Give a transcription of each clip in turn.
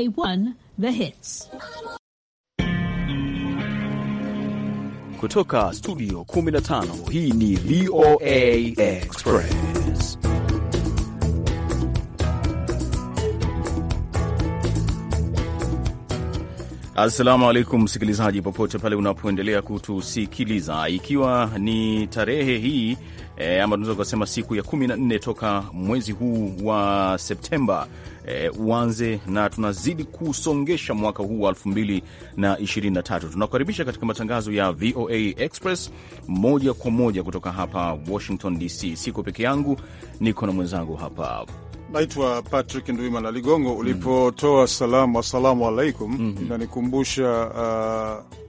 a 1 The Hits. Kutoka studio 15 hii ni VOA Express. Assalamu alaikum msikilizaji, popote pale unapoendelea kutusikiliza, ikiwa ni tarehe hii e, ama tunaweza kusema siku ya 14 toka mwezi huu wa Septemba Eh, uanze e, na tunazidi kusongesha mwaka huu wa 2023. Tunakukaribisha katika matangazo ya VOA Express moja kwa moja kutoka hapa Washington DC. Siko peke yangu, niko na mwenzangu hapa naitwa Patrick Ndwimana Ligongo. Mm. Ulipotoa salamu assalamu alaikum, mm -hmm. inanikumbusha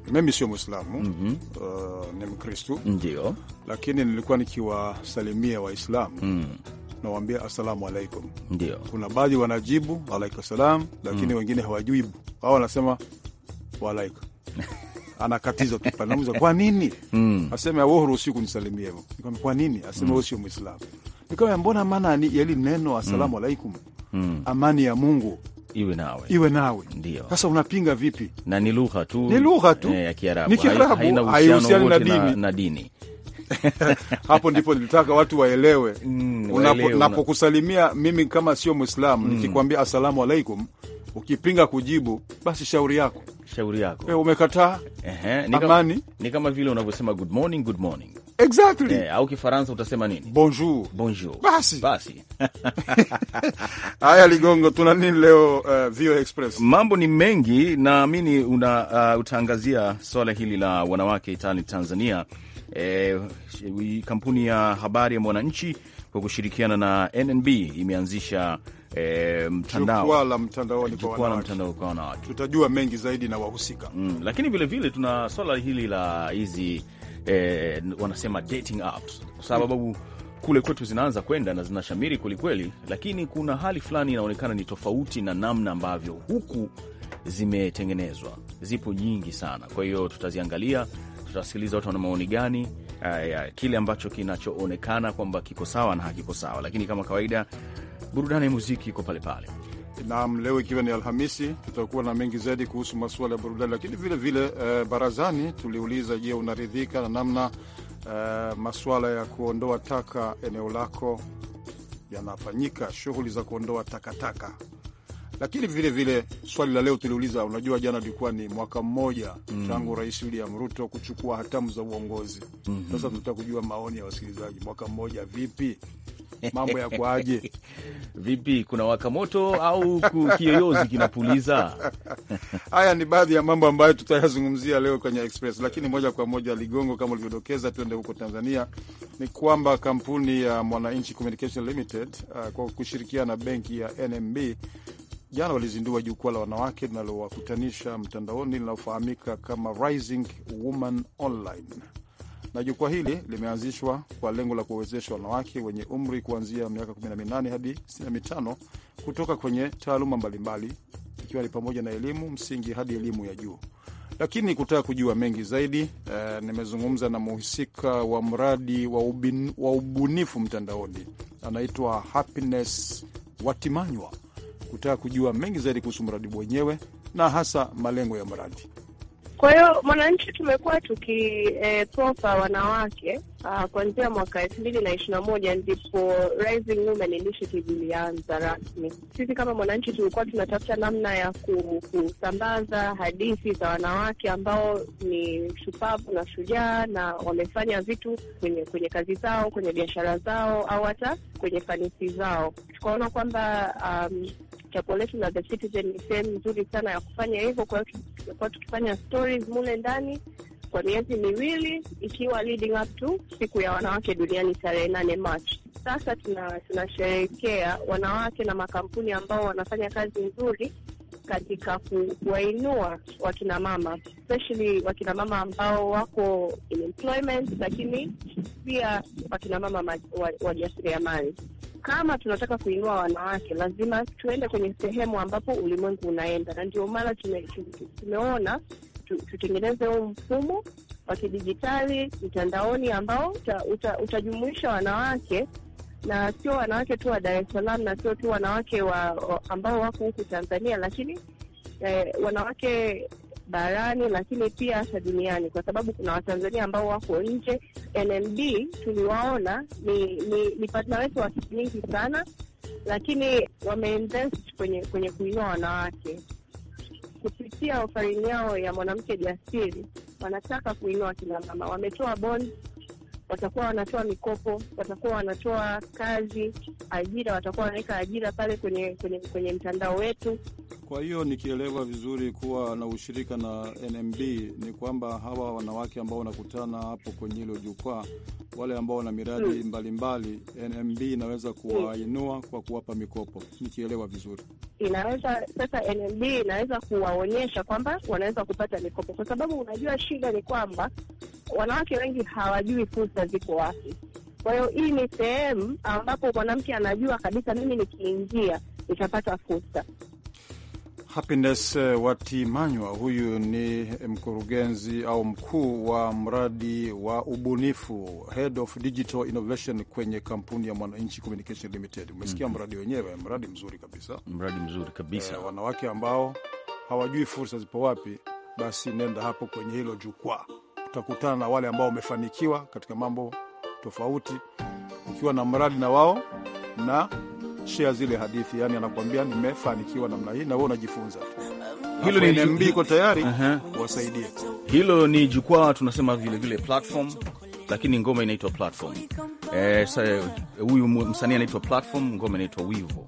uh, mimi sio Mwislamu mm -hmm. uh, ni Mkristu ndio, lakini nilikuwa nikiwasalimia Waislamu mm -hmm nawaambia assalamu alaikum. Ndio kuna baadhi wanajibu alaikum salam, lakini mm. wengine hawajibu au wanasema waalaikum anakatizwa tu pale, nauliza kwa nini? mm. aseme wewe huruhusiwi kunisalimia hivyo. Nikamwambia kwa nini? aseme mm. wewe sio Muislamu. Nikamwambia mbona maana ni yali neno assalamu mm. alaikum, mm. amani ya Mungu iwe nawe, iwe nawe. Ndio sasa unapinga vipi? na ni lugha tu, ni lugha tu e, ya Kiarabu, ni Kiarabu, haihusiani na dini hapo ndipo nilitaka watu waelewe mm, napokusalimia mimi kama sio Mwislamu mm, nikikwambia asalamu alaikum ukipinga kujibu basi shauri yako, shauri yako. E, umekataa amani. Ni kama vile unavyosema good morning, good morning. Exactly. E, au Kifaransa utasema nini? Bonjour. Bonjour. Basi. Basi. Haya Ligongo, tuna nini leo uh, Vio Express? Mambo ni mengi, naamini una uh, utaangazia swala hili la wanawake itani Tanzania E, kampuni ya habari ya Mwananchi kwa kushirikiana na NNB imeanzisha e, mtandao jukwaa la kwa wanawake. Tutajua mengi zaidi na wahusika mm, lakini vilevile tuna swala hili la hizi e, wanasema dating apps kwa sababu mm kule kwetu zinaanza kwenda na zinashamiri kwelikweli, lakini kuna hali fulani inaonekana ni tofauti na namna ambavyo huku zimetengenezwa. Zipo nyingi sana, kwa hiyo tutaziangalia tutasikiliza watu wana maoni gani eh, ya kile ambacho kinachoonekana kwamba kiko sawa na hakiko sawa, lakini kama kawaida burudani ya muziki iko pale pale. Naam, leo ikiwa ni Alhamisi, tutakuwa na mengi zaidi kuhusu masuala ya burudani, lakini vilevile vile, uh, barazani tuliuliza, je, unaridhika na namna uh, masuala ya kuondoa taka eneo lako yanafanyika, shughuli za kuondoa takataka taka. Lakini vile vile swali la leo tuliuliza, unajua jana ilikuwa ni mwaka mmoja mm. tangu Rais William Ruto kuchukua hatamu za uongozi mm -hmm. Sasa tunataka kujua maoni ya wasikilizaji, mwaka mmoja vipi? mambo ya kwaje? Vipi, kuna wakamoto au kiyoyozi kinapuliza? Haya ni baadhi ya mambo ambayo tutayazungumzia leo kwenye Express, lakini moja kwa moja, Ligongo, kama ulivyodokeza, tuende huko Tanzania. Ni kwamba kampuni ya Mwananchi Communication Limited uh, kwa kushirikiana na benki ya NMB jana walizindua jukwaa la wanawake linalowakutanisha mtandaoni linalofahamika kama Rising Woman Online, na jukwaa hili limeanzishwa kwa lengo la kuwawezesha wanawake wenye umri kuanzia miaka 18 hadi 65 kutoka kwenye taaluma mbalimbali, ikiwa ni pamoja na elimu msingi hadi elimu ya juu. Lakini kutaka kujua mengi zaidi eh, nimezungumza na mhusika wa mradi wa, ubin, wa ubunifu mtandaoni, anaitwa Happiness Watimanywa kutaka kujua mengi zaidi kuhusu mradi wenyewe na hasa malengo ya mradi. Kwa hiyo Mwananchi tumekuwa tukiprofa eh, e, wanawake ah, kuanzia mwaka elfu mbili na ishirini na moja ndipo Rising Women Initiative ilianza rasmi. Sisi kama Mwananchi tulikuwa tunatafuta namna ya kusambaza hadithi za wanawake ambao ni shupavu na shujaa na wamefanya vitu kwenye kwenye kazi zao, kwenye biashara zao, au hata kwenye fanisi zao. Tukaona kwamba um, chapo letu la The Citizen ni sehemu nzuri sana ya kufanya hivyo. Kwa hiyo tumekuwa tukifanya stories mule ndani kwa miezi miwili, ikiwa leading up to siku ya wanawake duniani tarehe nane March. Sasa tunasherehekea wanawake na makampuni ambao wanafanya kazi nzuri katika kuwainua wakinamama especially wakinamama ambao wako in employment, lakini pia wakinamama wajasiriamali. Kama tunataka kuinua wanawake, lazima tuende kwenye sehemu ambapo ulimwengu unaenda, na ndio maana tumeona tutengeneze huu mfumo wa kidijitali mtandaoni ambao utajumuisha uta, uta wanawake na sio wanawake tu wa Dar es Salaam na sio tu wanawake wa, wa ambao wako huku Tanzania, lakini eh, wanawake barani lakini pia hata duniani, kwa sababu kuna Watanzania ambao wako nje. NMB tuliwaona ni, ni, ni partner wetu wa nyingi sana, lakini wameinvest kwenye kwenye kuinua wanawake kupitia ofarini yao ya mwanamke jasiri. Wanataka kuinua kina mama, wametoa bond watakuwa wanatoa mikopo, watakuwa wanatoa kazi, ajira, watakuwa wanaweka ajira pale kwenye, kwenye, kwenye mtandao wetu. Kwa hiyo nikielewa vizuri kuwa na ushirika na NMB ni kwamba hawa wanawake ambao wanakutana hapo kwenye hilo jukwaa, wale ambao wana miradi hmm. mbalimbali NMB inaweza hmm. kuwainua hmm. kwa kuwapa mikopo, nikielewa vizuri inaweza sasa, NMB inaweza kuwaonyesha kwamba wanaweza kupata mikopo, kwa sababu unajua shida ni kwamba wanawake wengi hawajui fursa ziko wapi. Kwa hiyo hii ni sehemu ambapo mwanamke anajua kabisa, mimi nikiingia nitapata fursa. Happiness eh, Watimanywa huyu ni mkurugenzi au mkuu wa mradi wa ubunifu, Head of Digital Innovation kwenye kampuni ya Mwananchi Communication Limited. Umesikia mm -hmm. mradi wenyewe, mradi mzuri kabisa, mradi mzuri kabisa. E, wanawake ambao hawajui fursa zipo wapi, basi nenda hapo kwenye hilo jukwaa utakutana na wale ambao wamefanikiwa katika mambo tofauti, ukiwa na mradi na wao na shea zile hadithi, yani anakuambia nimefanikiwa namna hii, na wewe unajifunza tu. Hilo ni NMB iko tayari kuwasaidie. uh -huh. Hilo ni jukwaa tunasema vile vile platform, lakini ngoma inaitwa platform. Eh, huyu msanii anaitwa platform, ngoma inaitwa Wivo.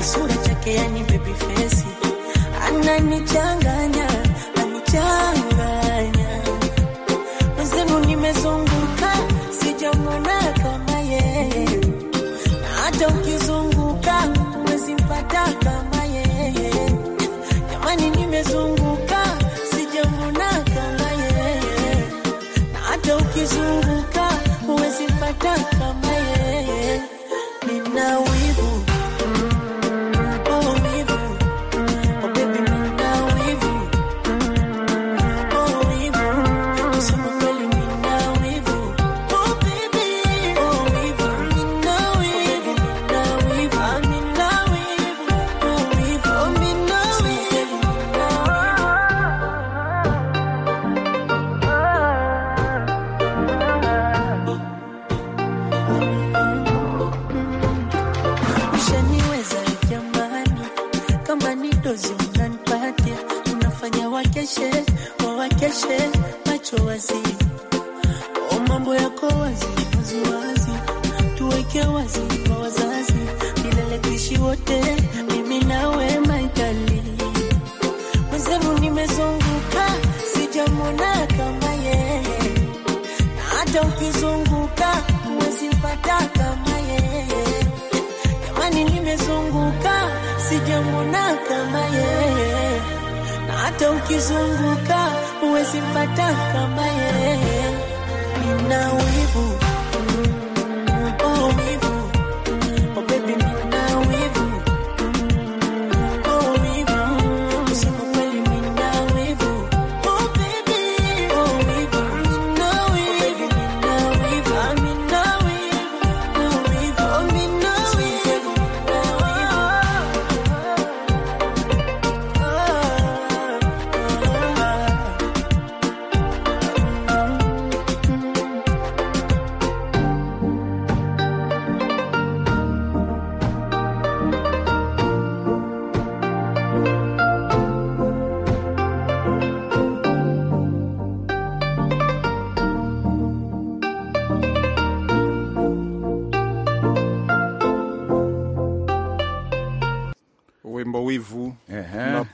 Sura chake yani baby face ananichanganya umenichanganya mwenzenu, nimezunguka sijamwona kama yeye, na hata ukizunguka uwezi mpata kama yeye. Jamani, nimezunguka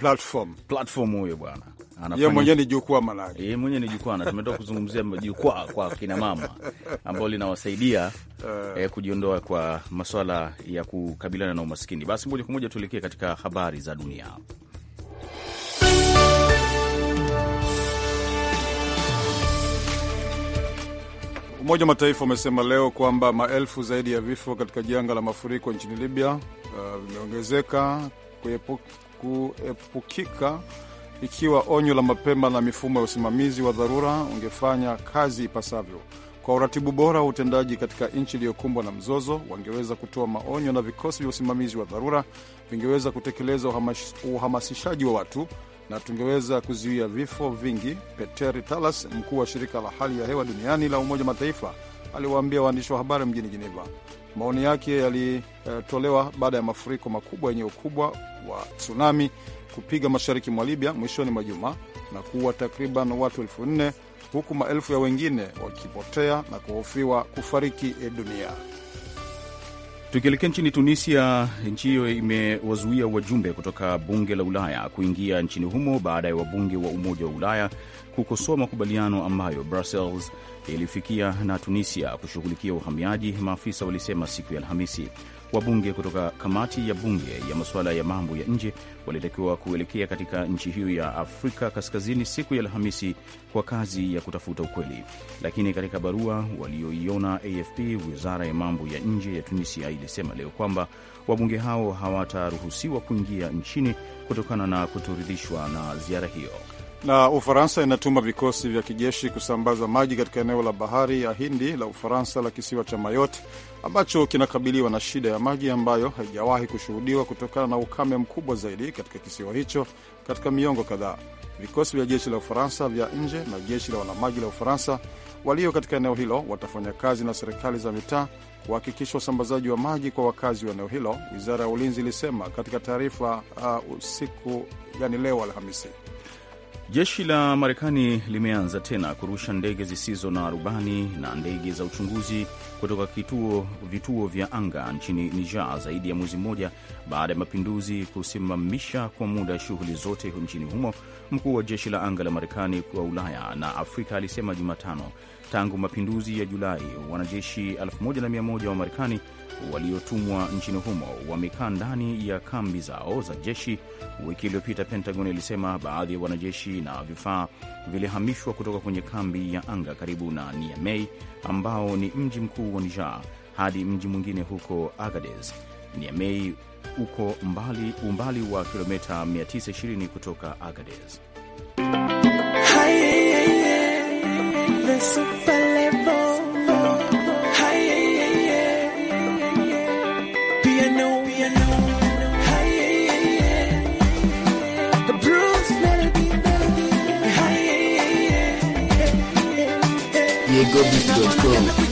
platform platform, huyo bwana anafanya yeye mwenyewe ni jukwaa, malaki yeye mwenyewe ni jukwaa. Na tumetoka kuzungumzia jukwaa kwa kina mama ambao linawasaidia uh, eh, kujiondoa kwa masuala ya kukabiliana na umaskini. Basi moja kwa moja tuelekee katika habari za dunia. Umoja wa Mataifa umesema leo kwamba maelfu zaidi ya vifo katika janga la mafuriko nchini Libya eh, vimeongezeka uh, kuepukika ikiwa onyo la mapema na mifumo ya usimamizi wa dharura ungefanya kazi ipasavyo. Kwa uratibu bora wa utendaji katika nchi iliyokumbwa na mzozo, wangeweza kutoa maonyo na vikosi vya usimamizi wa dharura vingeweza kutekeleza uhamasishaji wa watu na tungeweza kuzuia vifo vingi, Peter Talas, mkuu wa shirika la hali ya hewa duniani la Umoja Mataifa, aliwaambia waandishi wa habari mjini Geneva. Maoni yake yalitolewa baada ya mafuriko makubwa yenye ukubwa wa tsunami kupiga mashariki mwa Libya mwishoni mwa juma na kuua takriban watu elfu nne huku maelfu ya wengine wakipotea na kuhofiwa kufariki e dunia. Tukielekea nchini Tunisia, nchi hiyo imewazuia wajumbe kutoka bunge la Ulaya kuingia nchini humo baada ya wabunge wa Umoja wa Ulaya kukosoa makubaliano ambayo Brussels ilifikia na Tunisia kushughulikia uhamiaji, maafisa walisema siku ya Alhamisi wabunge kutoka kamati ya bunge ya masuala ya mambo ya nje walitakiwa kuelekea katika nchi hiyo ya Afrika Kaskazini siku ya Alhamisi kwa kazi ya kutafuta ukweli, lakini katika barua walioiona AFP, wizara ya mambo ya nje ya Tunisia ilisema leo kwamba wabunge hao hawataruhusiwa kuingia nchini kutokana na kutoridhishwa na ziara hiyo. Na Ufaransa inatuma vikosi vya kijeshi kusambaza maji katika eneo la bahari ya Hindi la Ufaransa la kisiwa cha Mayotte ambacho kinakabiliwa na shida ya maji ambayo haijawahi kushuhudiwa kutokana na ukame mkubwa zaidi katika kisiwa hicho katika miongo kadhaa. Vikosi vya jeshi la Ufaransa vya nje na jeshi la wanamaji la Ufaransa walio katika eneo hilo watafanya kazi na serikali za mitaa kuhakikisha usambazaji wa maji kwa wakazi wa eneo hilo, wizara ya ulinzi ilisema katika taarifa uh, usiku yani leo Alhamisi. Jeshi la Marekani limeanza tena kurusha ndege zisizo na rubani na ndege za uchunguzi kutoka kituo, vituo vya anga nchini Niger zaidi ya mwezi mmoja baada ya mapinduzi kusimamisha kwa muda shughuli zote nchini humo. Mkuu wa jeshi la anga la Marekani kwa Ulaya na Afrika alisema Jumatano tangu mapinduzi ya Julai wanajeshi 1100 wa Marekani waliotumwa nchini humo wamekaa ndani ya kambi zao za jeshi. Wiki iliyopita, Pentagon ilisema baadhi ya wanajeshi na vifaa vilihamishwa kutoka kwenye kambi ya anga karibu na Niamey, ambao ni mji mkuu wa Niger, hadi mji mwingine huko agades Niamey uko mbali, umbali wa kilomita 920 kutoka Agadez. goodness.com.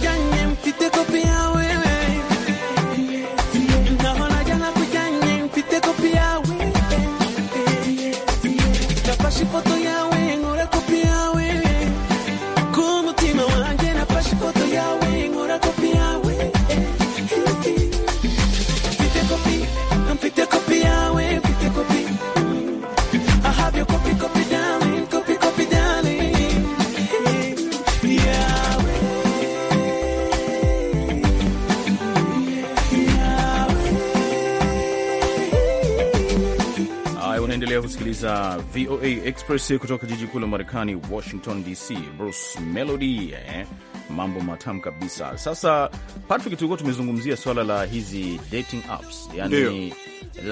unaendelea kusikiliza VOA Express kutoka jiji kuu la Marekani, Washington DC. Bruce Melody eh, mambo matamu kabisa. Sasa Patrick, tulikuwa tumezungumzia swala la hizi dating apps, yani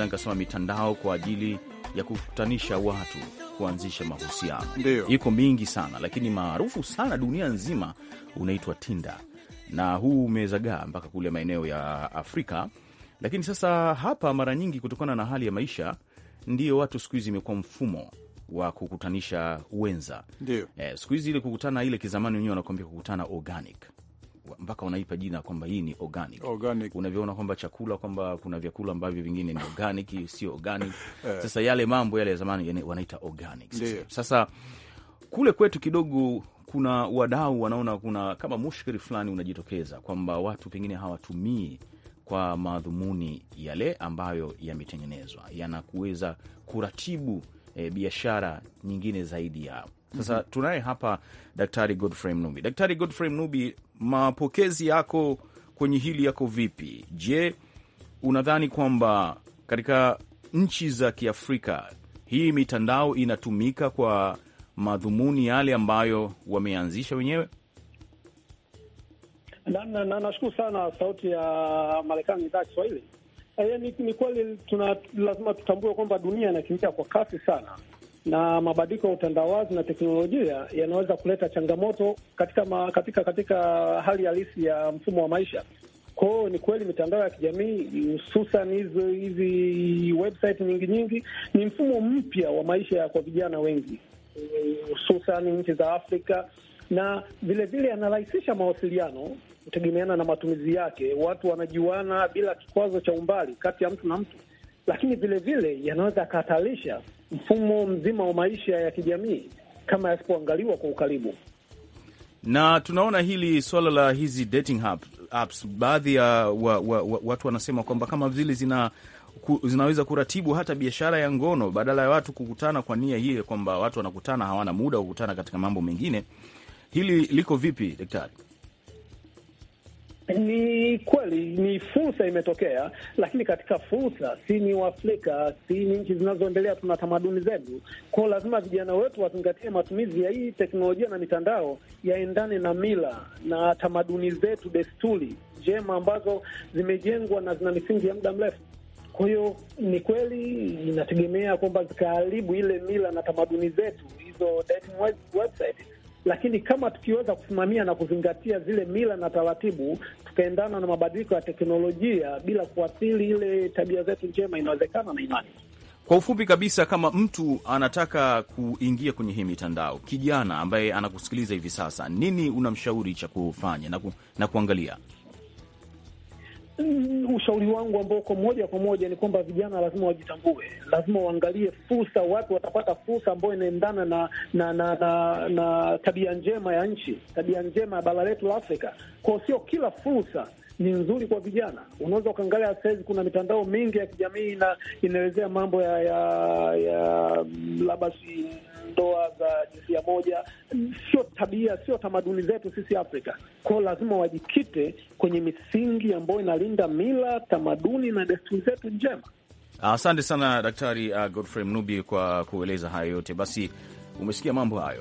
nikasema mitandao kwa ajili ya kukutanisha watu kuanzisha mahusiano. Iko mingi sana, lakini maarufu sana dunia nzima unaitwa Tinder, na huu umezagaa mpaka kule maeneo ya Afrika. Lakini sasa hapa, mara nyingi kutokana na hali ya maisha ndio watu siku hizi imekuwa mfumo wa kukutanisha wenza ndio. Eh, siku hizi ile kukutana ile kizamani, wenyewe wanakuambia kukutana organic mpaka unaipa jina kwamba hii ni organic, organic. Unavyoona kwamba chakula kwamba kuna vyakula ambavyo vingine ni organic sio organic eh. Sasa yale mambo yale ya zamani wanaita organic sasa. Sasa kule kwetu kidogo kuna wadau wanaona kuna kama mushkiri fulani unajitokeza kwamba watu pengine hawatumii kwa madhumuni yale ambayo yametengenezwa, yanakuweza kuratibu e, biashara nyingine zaidi yao. Sasa mm -hmm. tunaye hapa Daktari Godfrey Mnubi. Daktari Godfrey Mnubi, mapokezi yako kwenye hili yako vipi? Je, unadhani kwamba katika nchi za Kiafrika hii mitandao inatumika kwa madhumuni yale ambayo wameanzisha wenyewe? na nashukuru sana Sauti ya Marekani, idhaa ya Kiswahili. E, ni, ni kweli tuna lazima tutambue kwamba dunia inakimbia kwa kasi sana, na mabadiliko ya utandawazi na teknolojia yanaweza kuleta changamoto katika, ma, katika, katika hali halisi ya mfumo wa maisha. Kwa hiyo ni kweli mitandao ya kijamii hususan hizo hizi website nyingi nyingi ni mfumo mpya wa maisha kwa vijana wengi, hususan nchi za Afrika na vilevile anarahisisha mawasiliano kutegemeana na matumizi yake. Watu wanajuana bila kikwazo cha umbali kati ya mtu na mtu, lakini vilevile yanaweza yakahatarisha mfumo mzima wa maisha ya kijamii kama yasipoangaliwa kwa ukaribu. Na tunaona hili swala la hizi dating apps, baadhi ya wa, wa, wa, watu wanasema kwamba kama vile zina ku, zinaweza kuratibu hata biashara ya ngono, badala ya watu kukutana kwa nia hiyo, kwamba watu wanakutana hawana muda wa kukutana katika mambo mengine hili liko vipi daktari? Ni kweli ni fursa imetokea, lakini katika fursa, si ni Waafrika, si ni nchi zinazoendelea, tuna tamaduni zetu kwao. Lazima vijana wetu wazingatie matumizi ya hii teknolojia na mitandao yaendane na mila na tamaduni zetu, desturi njema ambazo zimejengwa na zina misingi ya muda mrefu. Kwa hiyo ni kweli inategemea kwamba zikaharibu ile mila na tamaduni zetu hizo dating website lakini kama tukiweza kusimamia na kuzingatia zile mila na taratibu, tukaendana na mabadiliko ya teknolojia bila kuathiri ile tabia zetu njema, inawezekana na imani. Kwa ufupi kabisa, kama mtu anataka kuingia kwenye hii mitandao, kijana ambaye anakusikiliza hivi sasa, nini unamshauri cha kufanya na, ku, na kuangalia? Mm, ushauri wangu ambao uko moja kwa moja ni kwamba vijana lazima wajitambue, lazima waangalie fursa, watu watapata fursa ambayo inaendana na na, na, na na tabia njema ya nchi, tabia njema ya bara letu la Afrika. Kwao sio kila fursa ni nzuri kwa vijana. Unaweza ukaangalia sahizi, kuna mitandao mingi ya kijamii inaelezea mambo ya, ya, ya mm, labda ndoa za jinsia moja. Sio tabia, sio tamaduni zetu sisi Afrika kwao. Lazima wajikite kwenye misingi ambayo inalinda mila, tamaduni na desturi zetu njema. Asante sana Daktari uh, Godfrey Mnubi kwa kueleza hayo yote. Basi umesikia mambo hayo.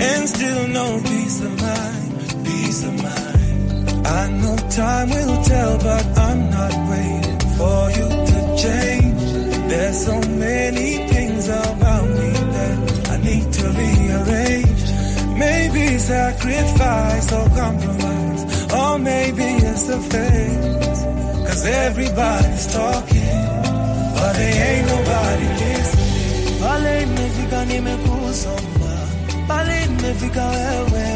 and still no peace of mind, peace of mind. I know time will tell, but I'm not waiting for you to change. There's so many things about me that I need to rearrange. Maybe sacrifice or compromise, or maybe it's a phase. Cause everybody's talking, but they ain't nobody listening. mbali nimefika wewe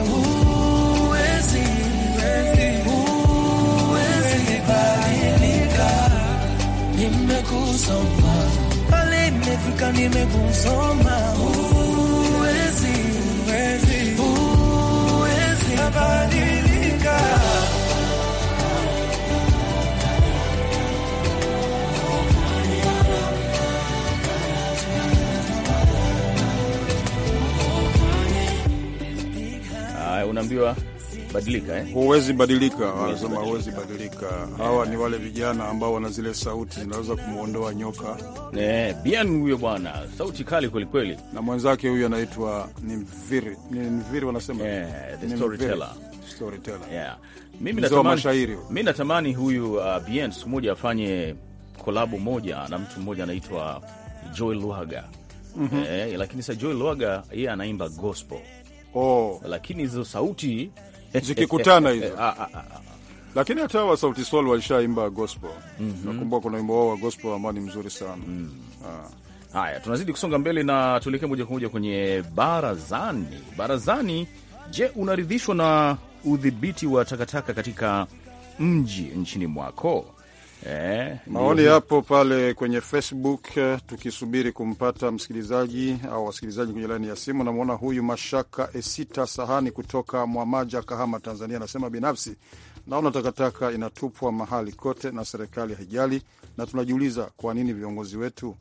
nimekusoma nimekusoma haya unaambiwa badilika eh? Huwezi badilika, wanasema huwezi badilika. Hawa ni wale vijana ambao wana zile sauti zinaweza kumwondoa nyoka eh, bian huyo bwana sauti kali kwelikweli, na mwenzake huyu anaitwa ni Mviri, ni Mviri wanasema eh, the storyteller storyteller yeah. Mimi natamani mimi natamani huyu uh, Bien siku moja afanye kolabo moja na mtu mmoja anaitwa Joel Lwaga. Mm -hmm. Eh, lakini sa Joel Lwaga yeye anaimba gospel oh. Lakini hizo sauti zikikutana hizo ah, ah, ah, lakini hata wa Sauti Sol walishaimba gospel mm -hmm. Nakumbuka kuna wimbo wao wa gospel ambao ni mzuri sana mm. Haya, tunazidi kusonga mbele na tuelekee moja kwa moja kwenye barazani. Barazani, je, unaridhishwa na udhibiti wa takataka katika mji nchini mwako? Eh, maoni yapo pale kwenye Facebook eh, tukisubiri kumpata msikilizaji au wasikilizaji kwenye laini ya simu. Namwona huyu Mashaka Esita Sahani kutoka Mwamaja, Kahama, Tanzania, anasema binafsi naona takataka inatupwa mahali kote na serikali haijali, na tunajiuliza kwa nini viongozi wetu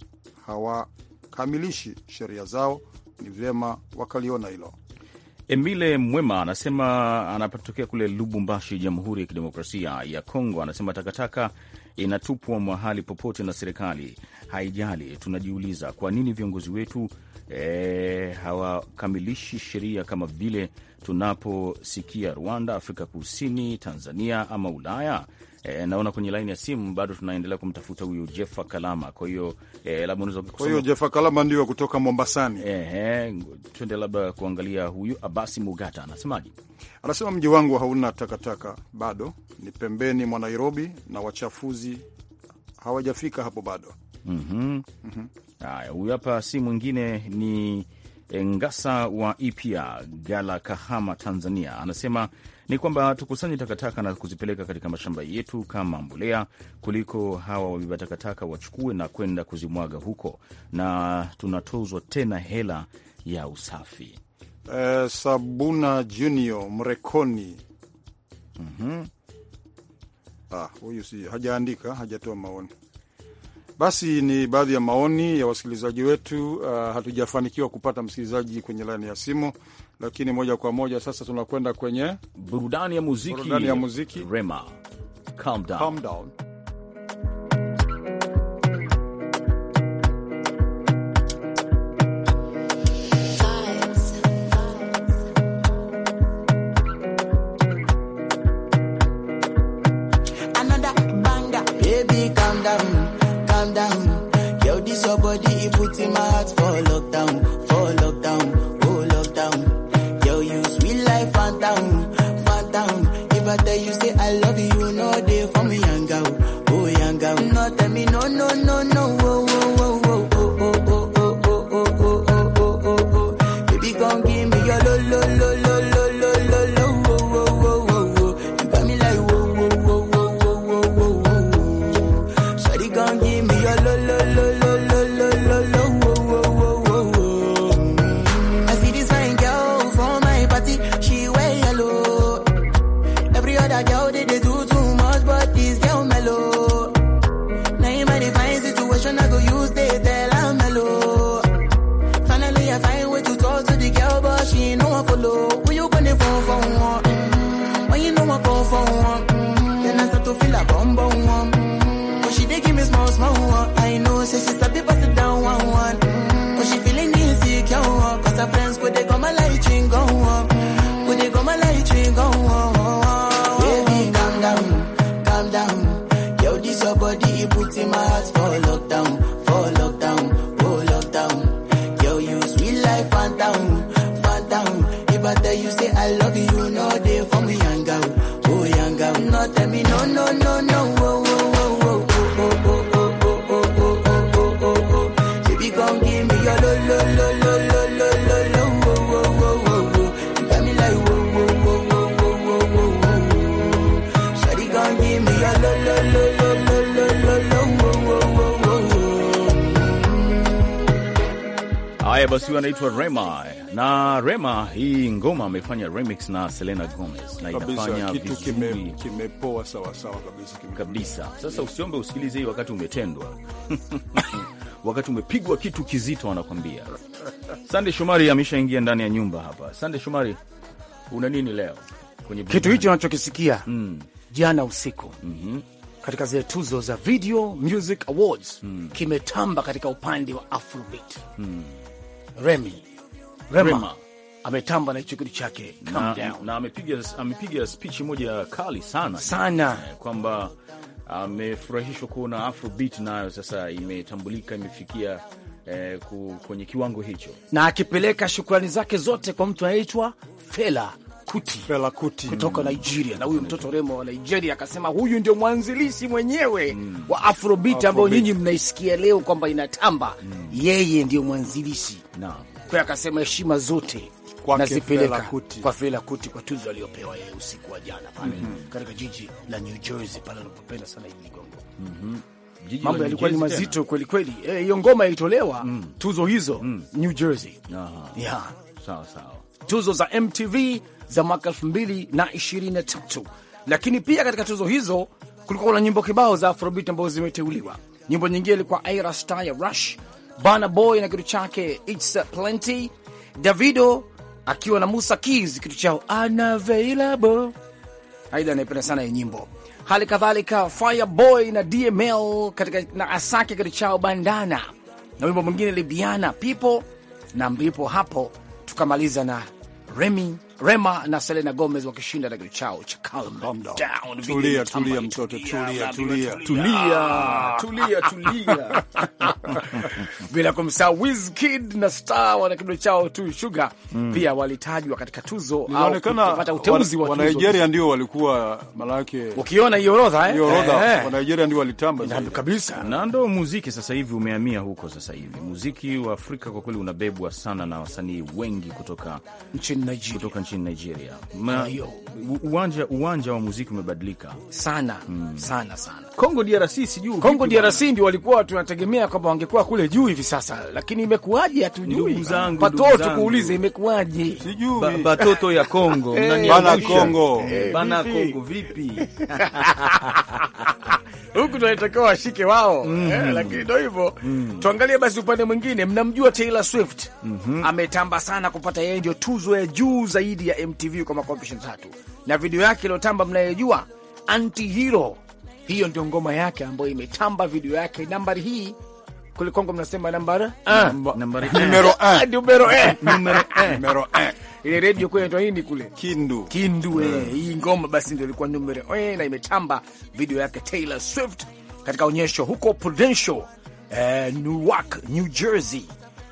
hawakamilishi sheria zao. Ni vyema wakaliona hilo. Emile Mwema anasema anapotokea kule Lubumbashi, Jamhuri ya Kidemokrasia ya Kongo, anasema takataka inatupwa mahali popote na serikali haijali. Tunajiuliza kwa nini viongozi wetu eh, hawakamilishi sheria kama vile tunaposikia Rwanda, Afrika Kusini, Tanzania ama Ulaya. E, naona kwenye laini ya simu bado tunaendelea kumtafuta huyu jefa Kalama. Kwa hiyo e, labda unaweza kwa hiyo Kalama ndio kutoka Mombasani. E, eh, e, tuende labda kuangalia huyu Abasi Mugata anasemaje. Anasema mji wangu hauna takataka bado, ni pembeni mwa Nairobi na wachafuzi hawajafika hapo bado. Mm haya Huyu hapa si mwingine ni Ngasa wa ipya Gala, Kahama, Tanzania, anasema ni kwamba tukusanye takataka na kuzipeleka katika mashamba yetu kama mbolea, kuliko hawa wabeba takataka wachukue na kwenda kuzimwaga huko, na tunatozwa tena hela ya usafi. Eh, Sabuna Junior Mrekoni mm -hmm. Ah, hajaandika hajatoa maoni basi ni baadhi ya maoni ya wasikilizaji wetu. Uh, hatujafanikiwa kupata msikilizaji kwenye laini ya simu, lakini moja kwa moja sasa tunakwenda kwenye burudani ya muziki, burudani ya muziki. Rema, calm down. Calm down. Fall down, fall down. If I tell you, say I love you. huyu anaitwa Rema na Rema, hii ngoma amefanya remix na Selena Gomez na inafanya kitu kime, kimepoa sawa sawa kabisa, kime kabisa. Sasa usiombe usikilize hii wakati umetendwa wakati umepigwa kitu kizito, anakwambia Sande Shomari ameshaingia ndani ya nyumba hapa. Sande Shomari, una nini leo kwenye kitu hicho anachokisikia mm. jana usiku mm -hmm katika zile tuzo za Video Music Awards mm. kimetamba katika upande wa Afrobeat mm. Remy Rema, Rema ametamba na hicho kitu chake na amepiga amepiga speech moja kali sana sana eh, kwamba amefurahishwa kuona Afrobeat nayo sasa imetambulika imefikia eh, kwenye kiwango hicho, na akipeleka shukrani zake zote kwa mtu anaitwa Fela Kuti, Fela Kuti kutoka mm. Nigeria, na huyu mtoto Remo wa Nigeria akasema huyu ndio mwanzilishi mwenyewe mm. wa Afrobeat ambayo nyinyi mnaisikia leo kwamba inatamba mm. yeye ndio mwanzilishi no. Kwa akasema heshima zote nazipeleka kwa Fela Kuti kwa tuzo aliyopewa yeye usiku wa jana pale mm -hmm. katika jiji la New Jersey pale anapopenda sana hii ligongo mm -hmm. Mambo yalikuwa ni mazito kweli kweli. Eh, hiyo e, ngoma ilitolewa mm. tuzo hizo mm. New Jersey. Aha. Yeah. Sawa sawa. Tuzo za MTV za mwaka 2023. Lakini pia katika tuzo hizo kulikuwa kuna nyimbo kibao za Afrobeat ambazo zimeteuliwa. Nyimbo nyingine ilikuwa Aira Star ya Rush, Burna Boy na kitu chake It's Plenty, Davido akiwa na Musa Keys kitu chao Unavailable. Aida anaipenda sana hii nyimbo. Hali kadhalika Fireboy na DML katika na Asake kitu chao Bandana, na wimbo mwingine Libiana People, na ndipo hapo tukamaliza na Remy Rema na Selena Gomez wakishinda na kile chao cha Calm Down. Tulia tulia, mtoto tulia tulia tulia tulia tulia, bila kumsahau Wizkid na Star wana kile chao tu Sugar mm. pia walitajwa katika tuzo au kupata uteuzi wa tuzo. Wa Nigeria ndio walikuwa malaki, ukiona hiyo orodha eh, hiyo orodha eh, eh. wa Nigeria ndio walitamba zaidi kabisa, na ndo muziki sasa hivi umehamia huko. Sasa hivi muziki wa Afrika kwa kweli unabebwa sana na wasanii wengi kutoka nchini Nigeria, kutoka nchini nchini Nigeria. Ma, ah, uwanja, uwanja wa muziki umebadilika sana hmm, sana sana. Kongo DRC sijui, Kongo DRC ndio walikuwa tunategemea kwamba wangekuwa kule juu hivi sasa, lakini imekuwaje hatujui. Patoto kuuliza imekuwaje, sijui batoto ya Kongo eh, bana Kongo eh, bana Kongo vipi? huku tunatakiwa washike wao mm -hmm. Eh, lakini ndo hivyo mm -hmm. Tuangalie basi upande mwingine, mnamjua Taylor Swift mm -hmm. Ametamba sana kupata yeye ndio tuzo ya juu zaidi ya MTV kwa makompisho tatu, na video yake iliyotamba mnayejua anti hero, hiyo ndio ngoma yake ambayo imetamba video yake nambari hii kule Kongo mnasema nambari numero numero numero ile redio kule inaitwa nini kule, Kindu Kindu mm. eh, Hii ngoma basi ndio ilikuwa numero eh, na imetamba video yake Taylor Swift katika onyesho huko Prudential eh, Newark, New Jersey.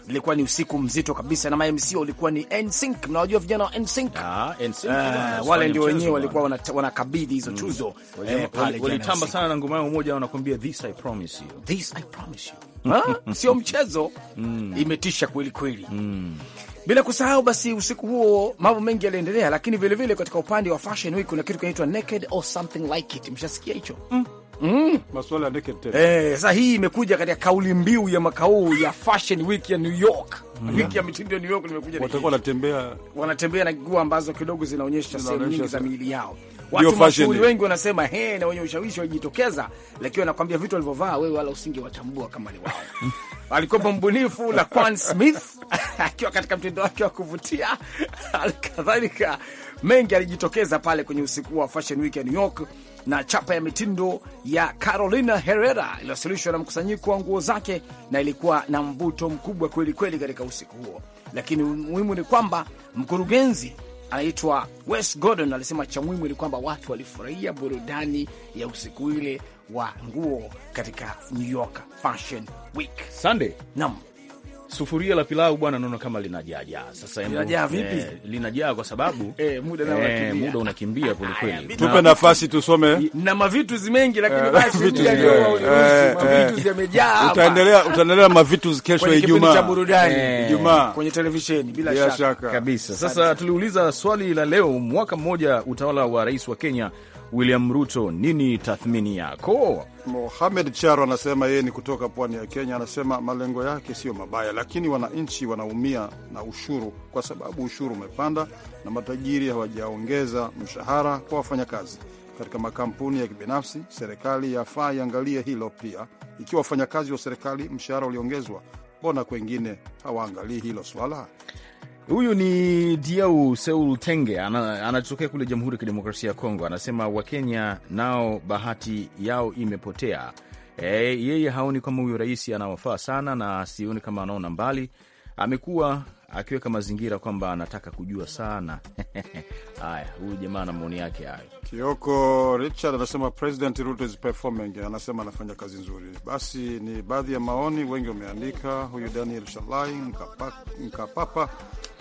Ilikuwa ni usiku mzito kabisa, na MC walikuwa ni NSYNC. Mnawajua vijana wa NSYNC? Ah, NSYNC eh, wale ndio wenyewe walikuwa wanakabidhi hizo mm. tuzo, eh, walitamba sana na ngoma yao moja, wanakuambia this I promise you, this I promise you, ah, sio mchezo. mm. Imetisha kweli kweli. mm. Bila kusahau basi, usiku huo mambo mengi yaliendelea, lakini vilevile vile katika upande wa fashion week kuna kitu kinaitwa naked or something like it. Mshasikia hicho? mm. Mm. Masuala ya naked tena. Eh, sasa hii imekuja katika kauli mbiu ya makao ya fashion week ya New York. Mm. Wiki ya mitindo ya New York nimekuja. Watakuwa wanatembea wanatembea na nguo ambazo kidogo zinaonyesha sehemu nyingi za miili yao watu mashuhuri wengi wanasema he, na wenye ushawishi walijitokeza, lakini anakwambia vitu alivyovaa wewe wala usingewatambua kama ni wao. Alikuwepo mbunifu Laquan Smith akiwa katika mtindo wake wa kuvutia halikadhalika, mengi alijitokeza pale kwenye usiku wa Fashion Week ya New York na chapa ya mitindo ya Carolina Herrera iliwasilishwa na mkusanyiko wa nguo zake na ilikuwa na mvuto mkubwa kweli kweli katika usiku huo, lakini muhimu ni kwamba mkurugenzi anaitwa Wes Gordon alisema cha muhimu ni kwamba watu walifurahia burudani ya usiku ile wa nguo katika New York Fashion Week Sunday nam sufuria la pilau bwana, naona kama linajaa. Sasa eh, linajaa vipi? Eh, linajaa kwa sababu eh, muda na eh, muda unakimbia kweli kweli. Tupe nafasi tusome na mavitu mengi, lakini eh, basi vitu zimejaa. Eh, utaendelea utaendelea mavitu kesho Ijumaa Ijumaa kwenye televisheni bila Shaka kabisa. Sasa tuliuliza swali la leo, mwaka mmoja utawala wa rais wa Kenya William Ruto, nini tathmini yako? Mohamed Charo anasema yeye ni kutoka pwani ya Kenya. Anasema malengo yake siyo mabaya, lakini wananchi wanaumia na ushuru, kwa sababu ushuru umepanda na matajiri hawajaongeza mshahara kwa wafanyakazi katika makampuni ya kibinafsi. Serikali yafaa iangalie hilo pia. Ikiwa wafanyakazi wa serikali mshahara uliongezwa, mbona kwengine hawaangalii hilo swala? Huyu ni Diau Seul Tenge, anatokea kule Jamhuri ya Kidemokrasia ya Kongo. Anasema Wakenya nao bahati yao imepotea. E, yeye haoni kama huyo rais anawafaa sana, na sioni kama anaona mbali. Amekuwa akiweka mazingira kwamba anataka kujua sana. Haya, huyu jamaa na maoni yake hayo. Kioko Richard anasema President Ruto is performing, anasema anafanya kazi nzuri. Basi ni baadhi ya maoni, wengi wameandika. Huyu Daniel Shalai Mkapapa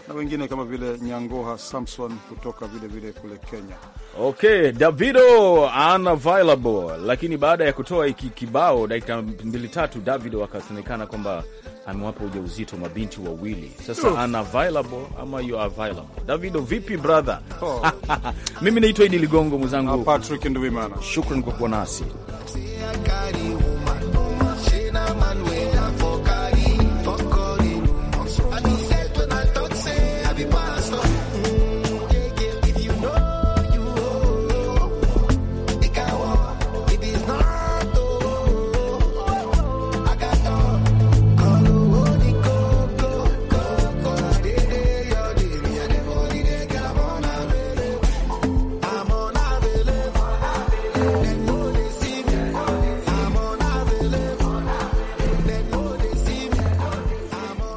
na wengine kama vile Nyangoha Samson kutoka vilevile kule Kenya. Okay, Davido unavailable, lakini baada ya kutoa hiki kibao dakika mbili tatu, Davido akasemekana kwamba amewapa ujauzito mabinti wawili. Sasa unavailable ama you available? Davido vipi brother? Oh. mimi naitwa Idi Ligongo, mwenzangu Patrick Ndwimana, shukran kwa kuwa nasi